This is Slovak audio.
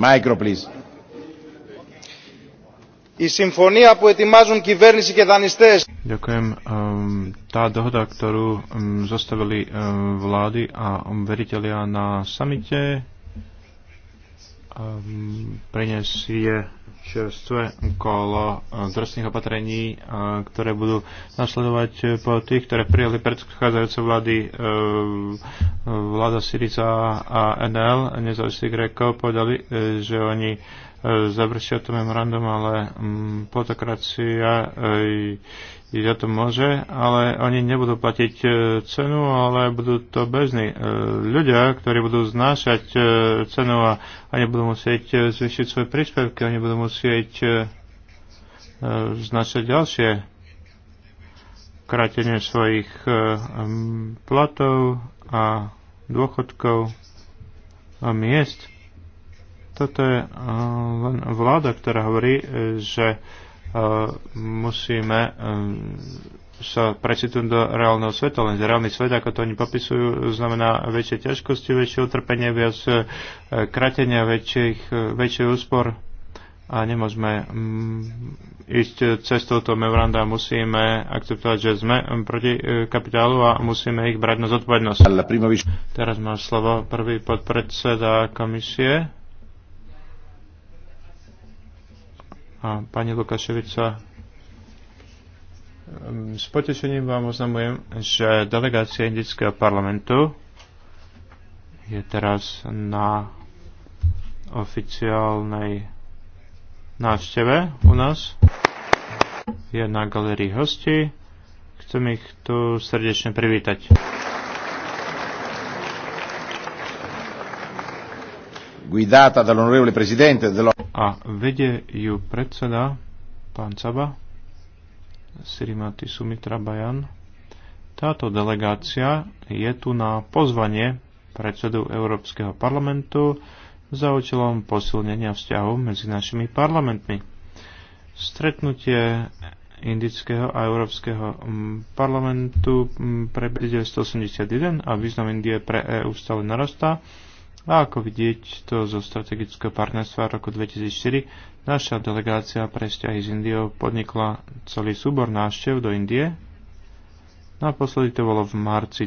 Micro, please. Η συμφωνία που ετοιμάζουν κυβέρνηση και δανειστές. Ďakujem. Tá dohoda, ktorú zostavili vlády a veriteľia na samite, prenesie čerstvé kolo e, drsných opatrení, e, ktoré budú nasledovať e, po tých, ktoré prijali predchádzajúce vlády vláda Syriza a NL, nezávislých Grékov, povedali, že oni završia to memorandum, ale potokracia mm, plutokracia e, za to môže, ale oni nebudú platiť e, cenu, ale budú to bežní e, ľudia, ktorí budú znášať e, cenu a oni budú musieť zvyšiť zvýšiť svoje príspevky, oni budú musieť znášať ďalšie krátenie svojich platov a dôchodkov a miest toto je eh, len vláda, ktorá hovorí, eh, že eh, musíme sa precitnúť do reálneho sveta, len reálny svet, ako to oni popisujú, znamená väčšie ťažkosti, väčšie utrpenie, viac kratenia, väčších, väčšie úspor a nemôžeme mm, ísť cestou toho memoranda, musíme akceptovať, že sme proti kapitálu a musíme ich brať na zodpovednosť. Teraz má slovo prvý podpredseda komisie. A pani Lukaševica, ehm, s potešením vám oznamujem, že delegácia Indického parlamentu je teraz na oficiálnej návšteve u nás. Je na galerii hostí. Chcem ich tu srdečne privítať. Guidata dall'onorevole presidente dello a vedie ju predseda pán Caba Sirimati Sumitra Bajan. Táto delegácia je tu na pozvanie predsedu Európskeho parlamentu za účelom posilnenia vzťahov medzi našimi parlamentmi. Stretnutie indického a európskeho mm, parlamentu mm, pre 1981 a význam Indie pre EU stále narastá a ako vidieť to zo strategického partnerstva roku 2004, naša delegácia pre vzťahy s Indiou podnikla celý súbor návštev do Indie. Naposledy to bolo v marci